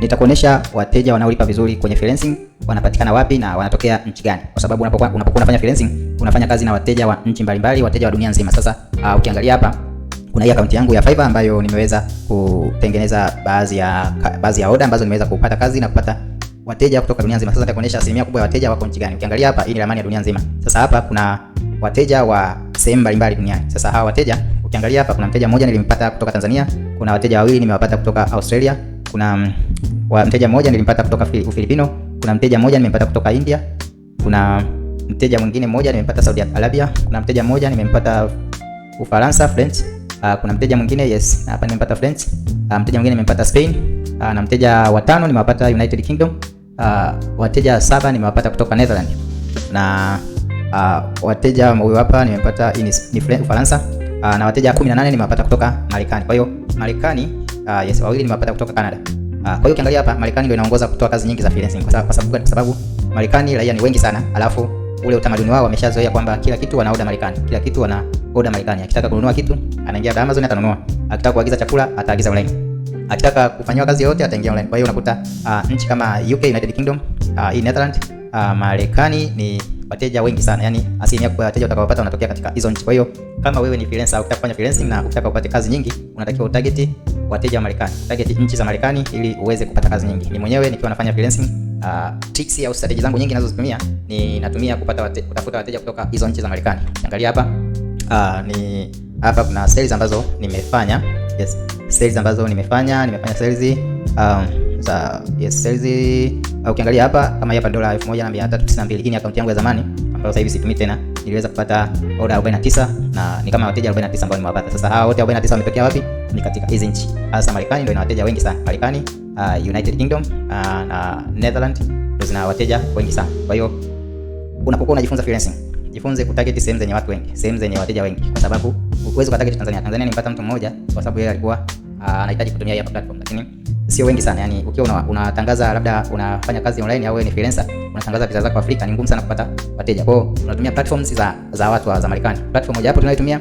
Nitakuonesha wateja wanaolipa vizuri kwenye freelancing wanapatikana wapi na wanatokea nchi gani, kwa sababu unapokuwa unafanya freelancing unafanya kazi na wateja wa nchi mbalimbali, wateja wa dunia nzima. Sasa uh, ukiangalia hapa kuna hii akaunti yangu ya Fiverr ambayo nimeweza kutengeneza baadhi ya baadhi ya oda ambazo nimeweza kupata kazi na kupata wateja kutoka dunia nzima. Sasa nitakuonesha asilimia kubwa ya wateja wako nchi gani. Ukiangalia hapa, hii ni ramani ya dunia nzima. Sasa hapa kuna wateja wa sehemu mbalimbali duniani. Sasa hawa wateja ukiangalia hapa, kuna mteja mmoja nilimpata kutoka Tanzania, kuna wateja wawili nimewapata kutoka Australia, kuna mm, wa mteja mmoja nilimpata kutoka Ufilipino, kuna mteja mmoja nimempata kutoka India, kuna mteja mwingine mmoja nimempata Saudi Arabia, kuna mteja mmoja nimempata Ufaransa French, uh, kuna mteja mwingine yes, hapa nimempata French, uh, mteja mwingine nimempata Spain, uh, na mteja watano nimewapata United Kingdom, uh, wateja saba nimewapata kutoka Netherlands na uh, wateja huyu hapa nimempata ni Ufaransa, uh, na wateja 18 nimewapata kutoka Marekani. Kwa hiyo Marekani, uh, yes, wawili nimewapata kutoka Canada. Ah, kwa hiyo ukiangalia hapa Marekani ndio inaongoza kutoa kazi nyingi za freelancing. Kwa sababu Kwa sababu Marekani raia ni wengi sana, alafu ule utamaduni wao wameshazoea kwamba kila kitu wanaoda Marekani, kila kitu wana oda Marekani. Akitaka kununua kitu anaingia kwa Amazon atanunua, akitaka kuagiza chakula ataagiza online, akitaka kufanyiwa kazi yoyote ataingia online. Kwa hiyo unakuta uh, nchi kama UK, United Kingdom, uh, Netherlands, uh, Marekani ni wateja wengi sana, yani asilimia kubwa ya wateja utakaopata wanatokea katika hizo nchi. Kwa hiyo kama wewe ni freelancer au unataka kufanya freelancing na unataka upate kazi nyingi, unatakiwa utarget wateja wa Marekani, target nchi za Marekani ili uweze kupata kazi nyingi. Ni mwenyewe nikiwa nafanya freelancing uh, tricks au strategy zangu nyingi ninazozitumia ni natumia kupata wate, kutafuta wateja kutoka hizo nchi za Marekani. Angalia hapa uh, ni hapa kuna sales ambazo nimefanya yes, sales ambazo nimefanya nimefanya sales um, sasa yes, sasa au ukiangalia hapa kama hapa dola 1392 hii ni akaunti yangu ya zamani ambayo sasa hivi situmii tena. Niliweza kupata order 49 na ni kama wateja 49 ambao nimewapata. Sasa hawa wote 49 wametokea wapi? Ni katika hizi nchi. Hasa Marekani ndio ina wateja wengi sana. Marekani, uh, United Kingdom, uh, na Netherlands ndio zina wateja wengi sana. Kwa hiyo unapokuwa unajifunza freelancing, jifunze kutarget sehemu zenye watu wengi, sehemu zenye wateja wengi kwa sababu huwezi kutarget Tanzania. Tanzania nimpata mtu mmoja kwa sababu yeye alikuwa uh, anahitaji kutumia hii platform lakini sio wengi sana. Yani ukiwa una, unatangaza labda unafanya kazi online au ni freelancer unatangaza bidhaa zako Afrika, ni ngumu sana kupata wateja. Kwa hiyo tunatumia platforms za za watu wa Marekani. Platform moja hapo tunayotumia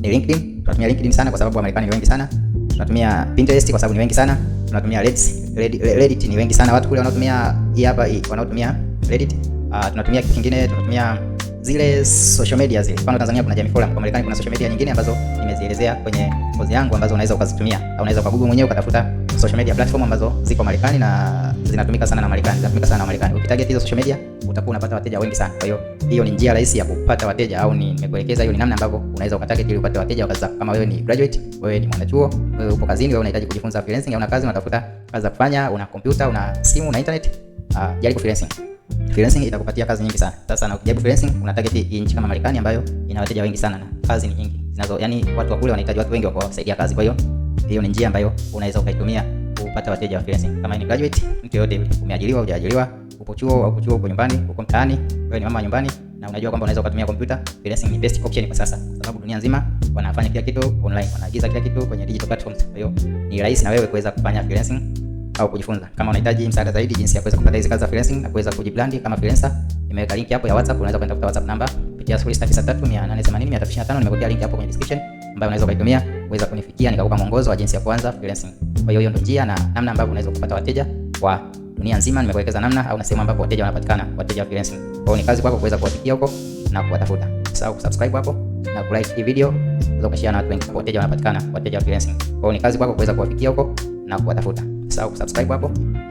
ni LinkedIn. Tunatumia LinkedIn sana kwa sababu wa Marekani ni wengi sana. Tunatumia Pinterest kwa sababu ni wengi sana. Tunatumia Reddit, Reddit, Reddit ni wengi sana watu kule wanaotumia hii hapa hii wanaotumia Reddit. Uh, tunatumia kitu kingine, tunatumia zile social media zile. Kwa Tanzania kuna Jamii Forum, kwa Marekani kuna social media nyingine ambazo nimezielezea kwenye kozi yangu ambazo unaweza ukazitumia au unaweza kwa Google mwenyewe ukatafuta social media platform ambazo ziko Marekani na zinatumika sana na Marekani, zinatumika sana na Marekani. Ukitarget hizo social media utakuwa unapata wateja wengi sana. Kwa hiyo hiyo ni njia rahisi ya kupata wateja, au ni nimekuelekeza, hiyo ni namna ambavyo unaweza ukatarget ili upate wateja wakaza. Kama wewe ni graduate, wewe ni mwanachuo, wewe uko kazini, wewe unahitaji kujifunza freelancing, au una kazi, unatafuta kazi za kufanya, una kompyuta, una simu na internet, uh, jaribu freelancing. Freelancing itakupatia kazi nyingi sana. Sasa na ukijaribu freelancing, una target hii nchi kama Marekani ambayo ina wateja wengi sana na kazi ni nyingi zinazo, yani watu wa kule wanahitaji watu wengi wa kuwasaidia kazi, kwa hiyo hiyo ni njia ambayo unaweza ukaitumia kupata wateja wa freelancing. Kama ni graduate, mtu yote, umeajiriwa au hujaajiriwa, upo chuo au chuo, uko nyumbani, uko mtaani, wewe ni mama nyumbani na unajua kwamba unaweza ukatumia kompyuta, freelancing ni best option kwa sasa, kwa sababu dunia nzima wanafanya kila kitu online, wanaagiza kila kitu kwenye digital platforms. Kwa hiyo ni rahisi na wewe kuweza kufanya freelancing au kujifunza. Kama unahitaji msaada zaidi jinsi ya kuweza kupata hizi kazi za freelancing na kuweza kujibrand kama freelancer, nimeweka link hapo ya WhatsApp, unaweza kwenda kutafuta WhatsApp namba kupitia 0693 880 325 nimekutia link hapo kwenye description ambayo unaweza ukaitumia kuweza kunifikia nikakupa mwongozo wa jinsi ya kuanza freelancing. Kwa hiyo hiyo ndio njia na namna ambavyo unaweza kupata wateja kwa dunia nzima. Nimekuelekeza namna au na sehemu ambapo wateja wanapatikana, wateja wa freelancing. Kwa hiyo ni kazi kwako kuweza kuwafikia huko na kuwatafuta. Usisahau kusubscribe hapo na kulike hii video, unaweza kushare na watu wengi wengine. Wateja wanapatikana, wateja wa freelancing. Kwa hiyo ni kazi kwako kuweza kuwafikia huko na kuwatafuta. Usisahau kusubscribe hapo.